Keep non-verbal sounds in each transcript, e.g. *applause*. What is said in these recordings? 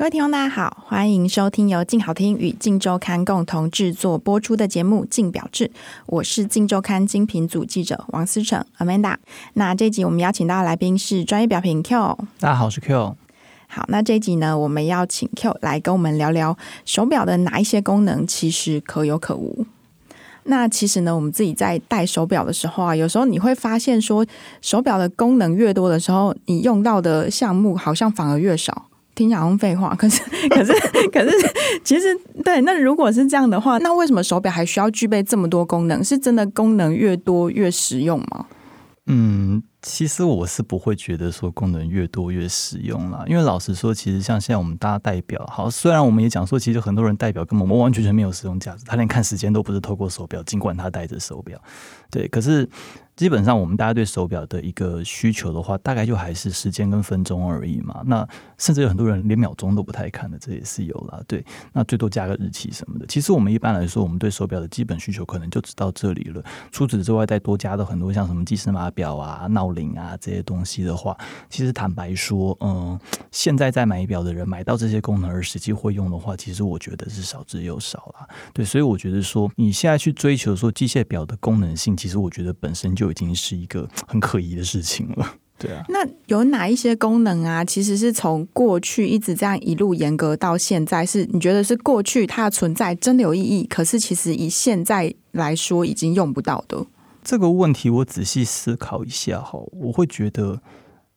各位聽眾，大家好，歡迎收聽由靜好聽與靜周刊共同制作播出的節目《靜表志》，我是靜周刊精品組記者王思成 Amanda。那這集我們邀請到的來賓是專業表評 Kyo，大家好，我是 Kyo。好，那這集呢，我們要請 Kyo 來跟我們聊聊手表的哪一些功能其實可有可無。那其實呢，我們自己在戴手表的時候啊，有時候你會發現說，手表的功能越多的時候，你用到的項目好像反而越少。聽起來好像廢話，可是可是可是，其實對，那如果是這樣的話，那為什麼手錶還需要具備這麼多功能？是真的功能越多越實用嗎？嗯。其實我是不會覺得說功能越多越實用啦，因為老實說，其實像現在我們大家代表好，雖然我們也講說，其實很多人代表根本完完全全沒有使用價值，他連看時間都不是透過手表，儘管他戴着手表，對。可是基本上我們大家對手表的一個需求的話，大概就還是時間跟分鐘而已嘛。那甚至有很多人連秒鐘都不太看的，這也是有啦。對，那最多加個日期什麼的。其實我們一般來說，我們對手表的基本需求可能就只到這裡了。除此之外，再多加的很多像什麼計時碼表啊、零啊這些東西的話，其實坦白說，嗯，現在在買錶的人買到這些功能而實際會用的話，其實我覺得是少之又少啦。對，所以我覺得說你現在去追求說機械錶的功能性，其實我覺得本身就已經是一個很可疑的事情了。對啊，那有哪一些功能啊？其實是從過去一直這樣一路嚴格到現在，是你覺得是過去它的存在真的有意義，可是其實以現在來說，已經用不到的。這個問題我仔細思考一下哈，我會覺得。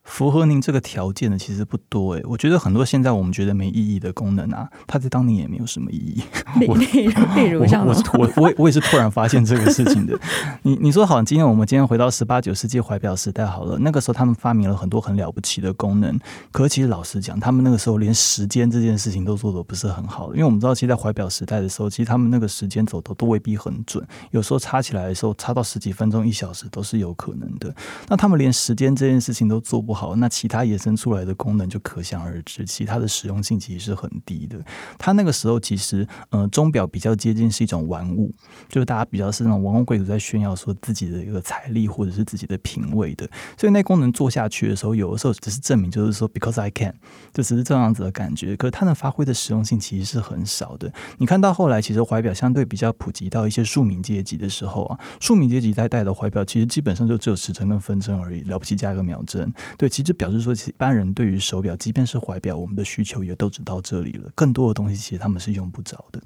符合您這個條件的其實不多誒、欸，我覺得很多現在我們覺得沒意義的功能啊，它在當年也沒有什麼意義。例如我我我我，我也是突然發現這個事情的。 *laughs* 你你說好，今天我們今天回到十八九世紀懷表時代好了，那個時候他們發明了很多很了不起的功能，可是其實老實講，他們那個時候連時間這件事情都做得不是很好，因為我們知道，其實在懷表時代的時候，其實他們那個時間走的都未必很準，有時候插起來的時候插到十幾分鐘一小時都是有可能的。那他們連時間這件事情都做不。好，那其他衍生出來的功能就可想而知，其他的實用性其實是很低的。它那個時候其實，呃，鐘錶比較接近是一種玩物，就是大家比較是那種王公貴族在炫耀說自己的一個財力或者是自己的品味的。所以那功能做下去的時候，有的時候只是證明就是說，because I can，就只是這樣子的感覺。可是它能發揮的實用性其實是很少的。你看到後來，其實懷錶相對比較普及到一些庶民階級的時候啊，庶民階級在戴的懷錶其實基本上就只有時針跟分針而已，了不起加個秒針。對，其實表示說，一般人對於手錶，即便是懷錶，我們的需求也都只到這裡了。更多的東西，其實他們是用不着的。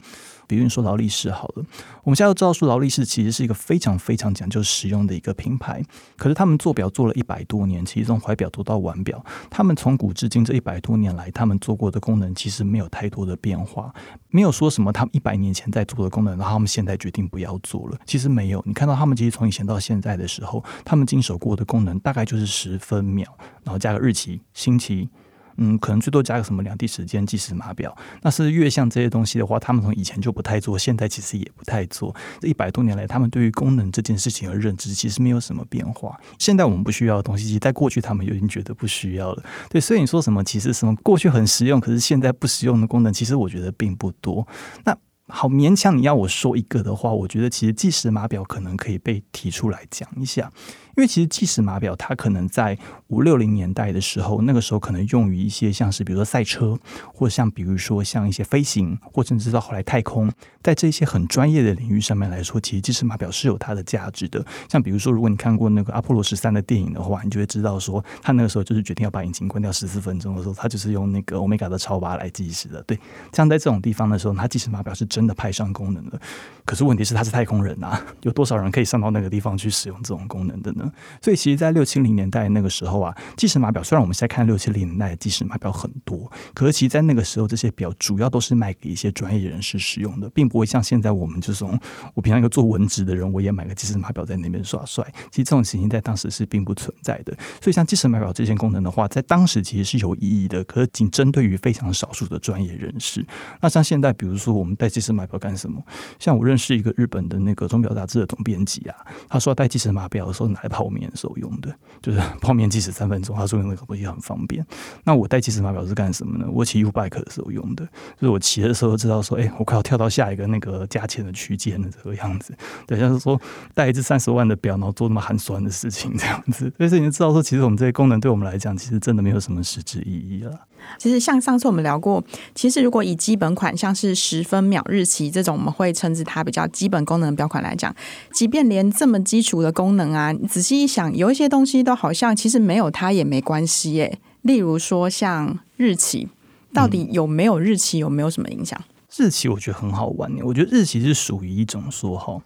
比如說勞力士好了，我們現在都知道說勞力士其實是一個非常非常講究實用的一個品牌。可是他們做錶做了一百多年，其實從懷錶做到腕錶，他們從古至今這一百多年來，他們做過的功能其實沒有太多的變化，沒有說什麼他們一百年前在做的功能，然後他們現在決定不要做了，其實沒有。你看到他們其實從以前到現在的時候，他們經手過的功能大概就是時分秒，然後加個日期、星期。嗯，可能最多加個什麼兩地時間、計時碼錶，那是月相這些東西的話，他們從以前就不太做，現在其實也不太做。這一百多年來，他們對於功能這件事情的認知其實沒有什麼變化。現在我們不需要的東西，在過去他們就已經覺得不需要了。對，所以你說什麼，其實什麼過去很實用，可是現在不實用的功能，其實我覺得並不多。那好，勉強你要我說一個的話，我覺得其實計時碼錶可能可以被提出來講一下。因為其實計時碼錶它可能在五六零年代的時候，那個時候可能用於一些像是比如說賽車，或像比如說像一些飛行，或甚至到後來太空，在這些很專業的領域上面來說，其實計時碼錶是有它的價值的。像比如說，如果你看過那個阿波羅十三的電影的話，你就會知道說，他那個時候就是決定要把引擎關掉十四分鐘的時候，他就是用那個歐米伽的超霸來計時的。對，像在這種地方的時候，它計時碼錶是真的派上功能的。可是問題是它是太空人啊，有多少人可以上到那個地方去使用這種功能的呢？所以其實，在六七零年代那個時候啊，計時碼錶雖然我們現在看六七零年代計時碼錶很多，可是其實，在那個時候，這些錶主要都是賣給一些專業人士使用的，並不會像現在我們這種，我平常一個做文職的人，我也買個計時碼錶在那邊耍帥。其實這種情形在當時是並不存在的。所以，像計時碼錶這些功能的話，在當時其實是有意義的，可是僅針對於非常少數的專業人士。那像現在，比如說我們戴計時碼錶幹什麼？像我認識一個日本的那個鐘錶雜誌的總編輯啊，他說戴計時碼錶的時候，哪把？泡麵的時候用的，就是泡麵計時三分鐘，他說用那個東西很方便。那我帶計時碼錶是幹什麼呢？我騎 U bike 的時候用的，就是我騎的時候知道說，誒、欸，我快要跳到下一個那個價錢的區間了，這個樣子。對，像、就是說帶一支三十萬的錶，然後做那麼寒酸的事情，這樣子。所以你就知道說，其實我們這些功能對我們來講，其實真的沒有什麼實質意義了。其實像上次我們聊過，其實如果以基本款，像是時分秒日期這種，我們會稱之它比較基本功能的錶款來講，即便連這麼基礎的功能啊，仔細一想，有一些東西都好像其實沒有它也沒關係耶。例如說像日期，到底有沒有日期、嗯、有沒有什麼影響？日期我覺得很好玩，我覺得日期是屬於一種說哈，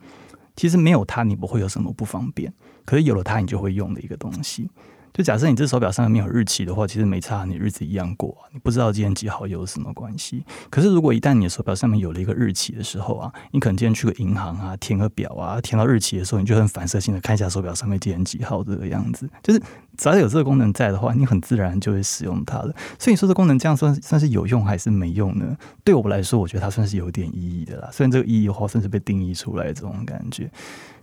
其實沒有它你不會有什麼不方便，可是有了它你就會用的一個東西。就假設你這手錶上面沒有日期的話，其實沒差，你日子一樣過啊。你不知道今天幾號有什麼關係。可是如果一旦你的手錶上面有了一個日期的時候啊，你可能今天去個銀行啊，填個表啊，填到日期的時候，你就很反射性的看一下手錶上面今天幾號這個樣子，就是。只要有這個功能在的話，你很自然就會使用它了。所以你說這功能這樣算是算是有用還是沒用呢？對我們來說，我覺得它算是有點意義的啦。雖然這個意義的話，算是被定義出來這種感覺。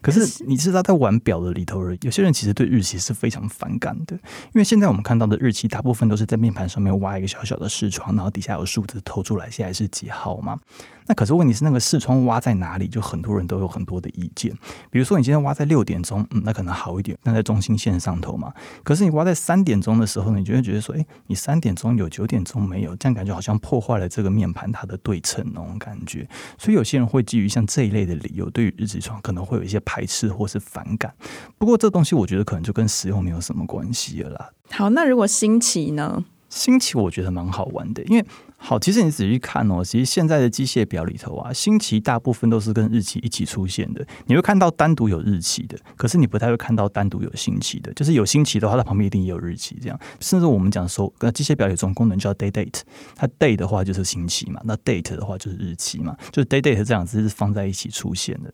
可是你知道，在玩錶的裡頭而已，有些人其實對日期是非常反感的，因為現在我們看到的日期，大部分都是在面盤上面挖一個小小的視窗，然後底下有數字投出來，現在是幾號嘛。那可是問題是，那個視窗挖在哪裡，就很多人都有很多的意見。比如說，你今天挖在六點鐘，嗯，那可能好一點。那在中心線上頭嘛。可是你挖在三點鐘的時候呢，你就會覺得說，誒、欸，你三點鐘有九點鐘沒有，這樣感覺好像破壞了這個面盤它的對稱那種感覺。所以有些人會基於像這一類的理由，對於日曆窗可能會有一些排斥或是反感。不過這東西我覺得可能就跟實用沒有什麼關係了啦。好，那如果星期呢？星期我覺得蠻好玩的，因為。好，其實你仔細看哦，其實現在的機械錶裡頭啊，星期大部分都是跟日期一起出現的。你會看到單獨有日期的，可是你不太會看到單獨有星期的。就是有星期的話，它旁邊一定也有日期這樣。甚至我們講說，那機械錶有一種功能叫 day date，它 day 的話就是星期嘛，那 date 的話就是日期嘛，就是 day date 這樣子是放在一起出現的。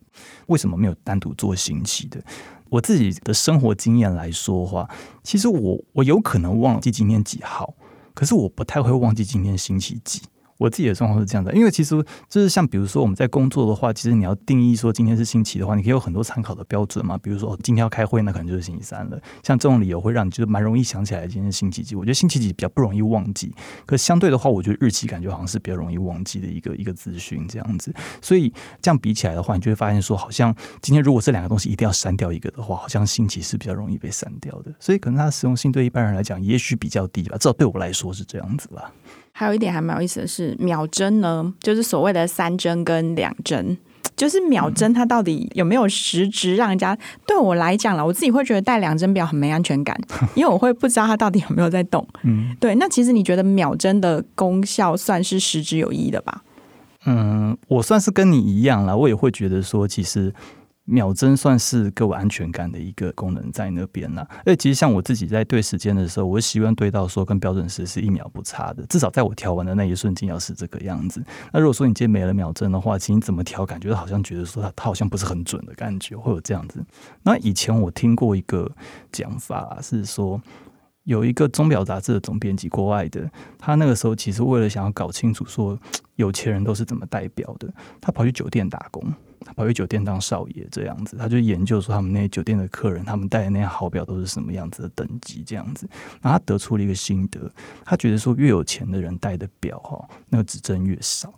為什麼沒有單獨做星期的？我自己的生活經驗來說的話，其實我我有可能忘記今天幾號。可是我不太會忘記今天星期幾。我自己的狀況是這樣的，因為其實就是像比如說我們在工作的話，其實你要定義說今天是星期的話，你可以有很多參考的標準嘛。比如說今天要開會，那可能就是星期三了。像這種理由會讓你就蠻容易想起來今天是星期幾。我覺得星期幾比較不容易忘記，可相對的話，我覺得日期感覺好像是比較容易忘記的一個一個資訊這樣子。所以這樣比起來的話，你就會發現說，好像今天如果這兩個東西一定要刪掉一個的話，好像星期是比較容易被刪掉的。所以可能它的實用性對一般人來講，也許比較低吧。至少對我來說是這樣子吧。還有一點還蠻有意思的是，秒針呢，就是所謂的三針跟兩針，就是秒針它到底有沒有實質讓人家、嗯、對我來講啦，我自己會覺得戴兩針表很沒安全感，因為我會不知道它到底有沒有在動。嗯呵，對，那其實你覺得秒針的功效算是實質有意義的吧？嗯，我算是跟你一樣啦，我也會覺得說其實。秒針算是給我安全感的一個功能在那邊啦。哎，其實像我自己在對時間的時候，我習慣對到說跟標準時是一秒不差的，至少在我調完的那一瞬間要是這個樣子。那如果說你今天沒了秒針的話，其實你怎麼調，感覺好像覺得說它它好像不是很準的感覺，會有這樣子。那以前我聽過一個講法是說，有一個鐘錶雜誌的總編輯，國外的，他那個時候其實為了想要搞清楚說有錢人都是怎麼戴錶的，他跑去酒店打工。跑去酒店當少爺這樣子，他就研究說他們那些酒店的客人，他們戴的那些好表都是什麼樣子的等級這樣子。然後他得出了一個心得，他覺得說越有錢的人戴的表哈、喔，那個指針越少，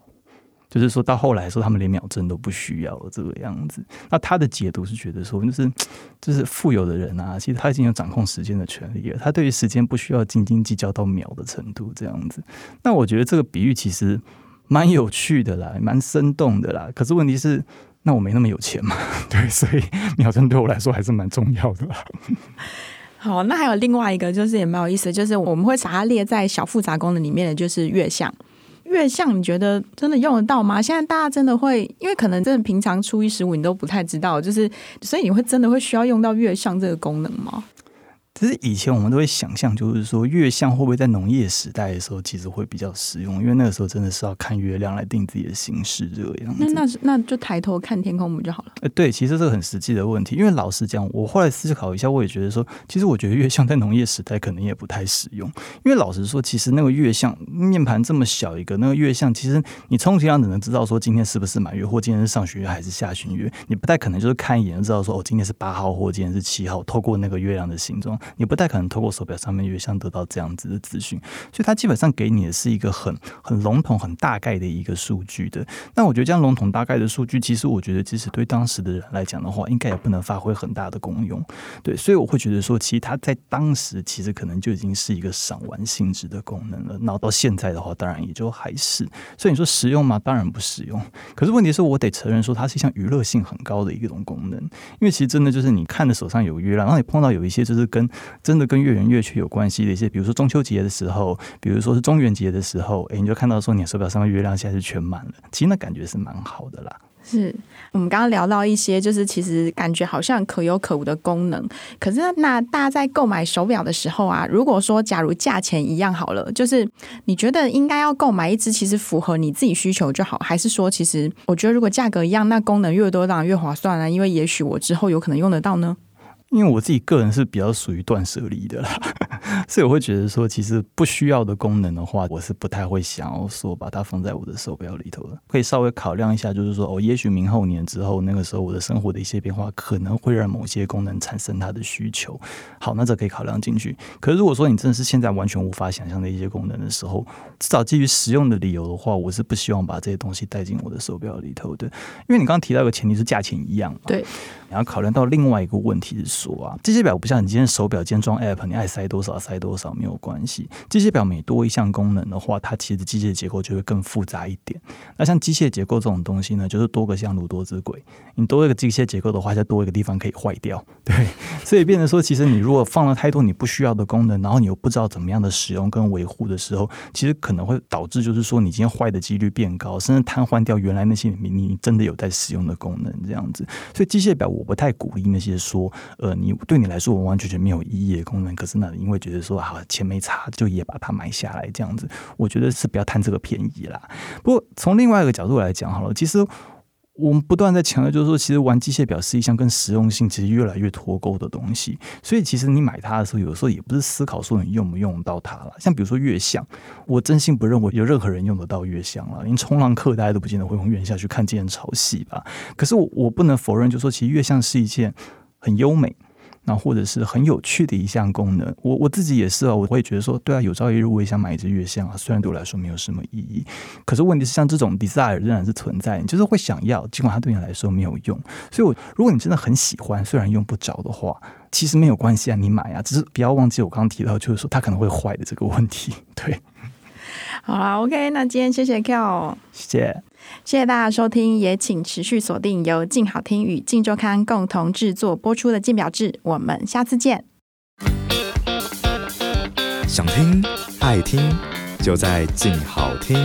就是說到後來說他們連秒針都不需要了這個樣子。那他的解讀是覺得說，就是就是富有的人啊，其實他已經有掌控時間的權利了，他對於時間不需要斤斤計較到秒的程度這樣子。那我覺得這個比喻其實蠻有趣的啦，蠻生動的啦。可是問題是。那我沒那麼有錢嘛，對，所以秒針對我來說還是蠻重要的啊。好，那還有另外一個就是也蠻有意思的，就是我們會把它列在小複雜功能裡面的，就是月相。月相你覺得真的用得到嗎？現在大家真的會，因為可能真的平常初一十五你都不太知道，就是所以你會真的會需要用到月相這個功能嗎？其實以前我們都會想象，就是說月相會不會在農業時代的時候，其實會比較實用，因為那個時候真的是要看月亮來定自己的形式，這個樣子。那那那就抬頭看天空不就好了？呃、欸、對，其實這是個很實際的問題。因為老實講，我後來思考一下，我也覺得說，其實我覺得月相在農業時代可能也不太實用。因為老實說，其實那個月相面盤這麼小一個，那個月相其實你充其量只能知道說今天是不是滿月，或今天是上弦月還是下弦月。你不太可能就是看一眼就知道說哦，今天是八號或今天是七號，透過那個月亮的形狀。你不太可能透過手錶上面月相得到這樣子的資訊，所以它基本上給你的是一個很很籠統、很大概的一個數據的。那我覺得這樣籠統、大概的數據，其實我覺得其實對當時的人來講的話，應該也不能發揮很大的功用。對，所以我會覺得說，其實它在當時其實可能就已經是一個賞玩性質的功能了。那到現在的話，當然也就還是。所以你說實用嗎？當然不實用。可是問題是我得承認說，它是一項娛樂性很高的一種功能，因為其實真的就是你看的手上有月，了，然後你碰到有一些就是跟真的跟月圓月缺有關係的一些，比如說中秋節的時候，比如說是中元節的時候，誒，你就看到說你手錶上的月亮現在是全滿了，其實那感覺是蠻好的啦。是我們剛剛聊到一些，就是其實感覺好像可有可無的功能。可是那，那大家在購買手錶的時候啊，如果說假如價錢一樣好了，就是你覺得應該要購買一支其實符合你自己需求就好，還是說其實我覺得如果價格一樣，那功能越多當然越划算啊，因為也許我之後有可能用得到呢？因為我自己個人是比較屬於斷捨離的啦， *laughs* 所以我會覺得說，其實不需要的功能的話，我是不太會想要說把它放在我的手錶裡頭的。可以稍微考量一下，就是說哦，也許明後年之後，那個時候我的生活的一些變化，可能會讓某些功能產生它的需求。好，那這可以考量進去。可是如果說你真的是現在完全無法想象的一些功能的時候，至少基於實用的理由的話，我是不希望把這些東西帶進我的手錶裡頭的。因為你剛剛提到一個前提是價錢一樣嘛，對，然後考量到另外一個問題是說。多啊，機械錶不像你今天手錶，今天裝 app，你愛塞多少塞多少，塞多少沒有關係。機械錶每多一項功能的話，它其實機械結構就會更複雜一點。那像機械結構這種東西呢，就是多個香爐多支鬼。你多一個機械結構的話，再多一個地方可以壞掉。對，所以變成說，其實你如果放了太多你不需要的功能，然後你又不知道怎麼樣的使用跟維護的時候，其實可能會導致就是說你今天壞的幾率變高，甚至癱瘓掉原來那些你真的有在使用的功能這樣子。所以機械錶我不太鼓勵那些說。你對你來說完完全全沒有意義的功能，可是那因為覺得說啊，錢沒差，就也把它買下來這樣子。我覺得是不要貪這個便宜啦。不過從另外一個角度來講，好了，其實我們不斷在強調，就是說，其實玩機械表是一項跟實用性其實越來越脫鈎的東西。所以其實你買它的,的時候，有時候也不是思考說你用不用到它了。像比如說月相，我真心不認為有任何人用得到月相了。連衝浪客大家都不見得會用，月相去看這件潮汐吧。可是我我不能否認，就是說其實月相是一件。很優美，那或者是很有趣的一項功能。我我自己也是啊，我會覺得說，對啊，有朝一日我也想買一隻月相啊。雖然對我來說沒有什麼意義，可是問題是像這種 desire 仍然是存在，你就是會想要，儘管它對你來說沒有用。所以我，我如果你真的很喜歡，雖然用不着的話，其實沒有關係啊，你買啊，只是不要忘記我剛剛提到，就是說它可能會壞的這個問題，對。好啦，OK，那今天謝謝 Kyo，謝謝，謝，謝大家收聽，也請持續鎖定由鏡好聽與鏡週刊共同製作播出的《鏡錶誌》，我們下次見。想聽愛聽，就在鏡好聽。